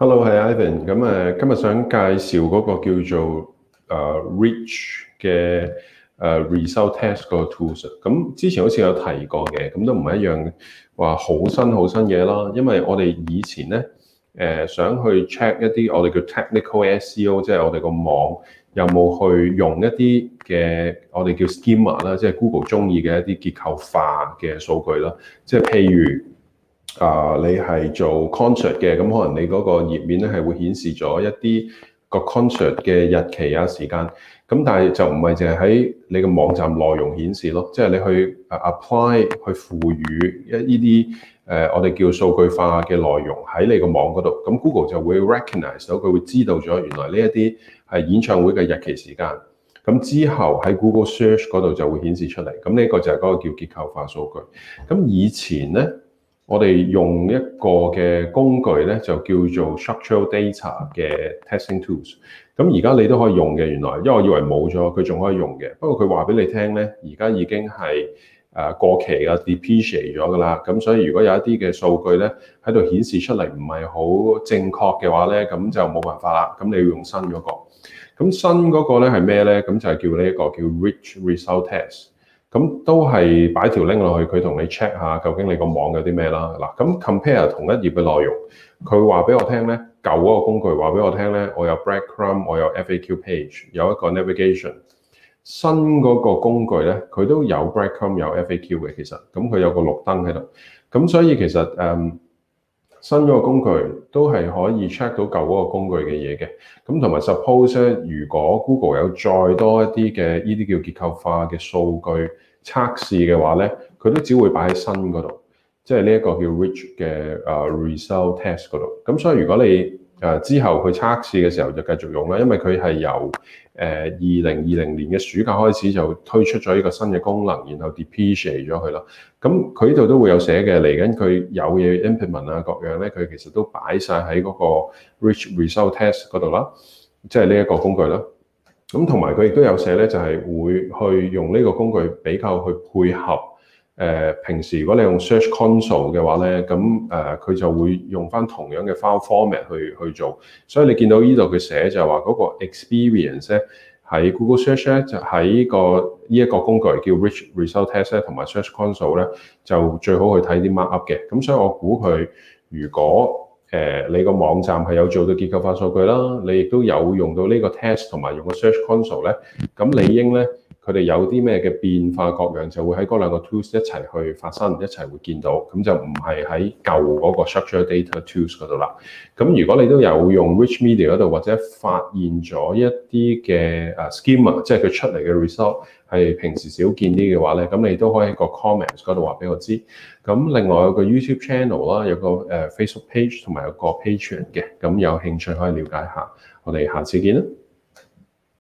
Hello，係 Ivan。咁誒，今日想介紹嗰個叫做誒 Rich 嘅誒 Result Test 個 tools。咁之前好似有提過嘅，咁都唔係一樣話好新好新嘢啦。因為我哋以前咧誒，想去 check 一啲我哋叫 Technical SEO，即係我哋個網有冇去用一啲嘅我哋叫 Schema 啦，即係 Google 中意嘅一啲結構化嘅數據啦。即係譬如。啊，你係做 concert 嘅，咁可能你嗰個頁面咧係會顯示咗一啲個 concert 嘅日期啊時間，咁但係就唔係淨係喺你個網站內容顯示咯，即係你去 apply 去賦予一呢啲誒我哋叫數據化嘅內容喺你個網嗰度，咁 Google 就會 recognize 到，佢會知道咗原來呢一啲係演唱會嘅日期時間，咁之後喺 Google search 嗰度就會顯示出嚟，咁呢個就係嗰個叫結構化數據，咁以前呢。我哋用一個嘅工具咧，就叫做 Structural Data 嘅 Testing Tools。咁而家你都可以用嘅，原來，因為我以為冇咗，佢仲可以用嘅。不過佢話俾你聽咧，而家已經係誒過期啊，depreciate 咗噶啦。咁所以如果有一啲嘅數據咧喺度顯示出嚟唔係好正確嘅話咧，咁就冇辦法啦。咁你要用新嗰個。咁新嗰個咧係咩咧？咁就係叫呢一個叫 Rich Result Test。咁都係擺條 link 落去，佢同你 check 下究竟你個網有啲咩啦。嗱，咁 compare 同一頁嘅內容，佢話俾我聽咧，舊嗰個工具話俾我聽咧，我有 breadcrumb，我有 FAQ page，有一個 navigation。新嗰個工具咧，佢都有 breadcrumb，有 FAQ 嘅，其實咁佢有個綠燈喺度。咁所以其實誒。Um, 新嗰個工具都係可以 check 到舊嗰個工具嘅嘢嘅，咁同埋 suppose 咧，如果 Google 有再多一啲嘅呢啲叫結構化嘅數據測試嘅話呢，佢都只會擺喺新嗰度，即係呢一個叫 rich 嘅啊 result test 嗰度。咁所以如果你誒之後去測試嘅時候就繼續用啦，因為佢係由誒二零二零年嘅暑假開始就推出咗一個新嘅功能，然後 depict 咗佢咯。咁佢呢度都會有寫嘅嚟緊，佢有嘢 implement 啊各樣咧，佢其實都擺晒喺嗰個 rich result test 嗰度啦，即係呢一個工具啦。咁同埋佢亦都有寫咧，就係會去用呢個工具比較去配合。誒平時如果你用 Search Console 嘅話咧，咁誒佢就會用翻同樣嘅 file format 去去做，所以你見到呢度佢寫就係話嗰個 experience 咧喺 Google Search 咧就喺，呢個呢一，呢個工具叫 Rich Result Test 咧同埋 Search Console 咧就最好去睇啲 Mark Up 嘅，咁所以我估佢如果誒，呃，你個網站係有做到結構化數據啦，你亦都有用到呢個 test 同埋用個 Search Console 咧，咁理應咧。佢哋有啲咩嘅變化各樣，就會喺嗰兩個 tools 一齊去發生，一齊會見到，咁就唔係喺舊嗰個 structured data tools 嗰度啦。咁如果你都有用 rich media 嗰度，或者發現咗一啲嘅誒 schema，即係佢出嚟嘅 result 係平時少見啲嘅話咧，咁你都可以喺個 comments 嗰度話俾我知。咁另外有個 YouTube channel 啦，有個誒 Facebook page 同埋有個 patreon 嘅，咁有興趣可以了解下。我哋下次見啦。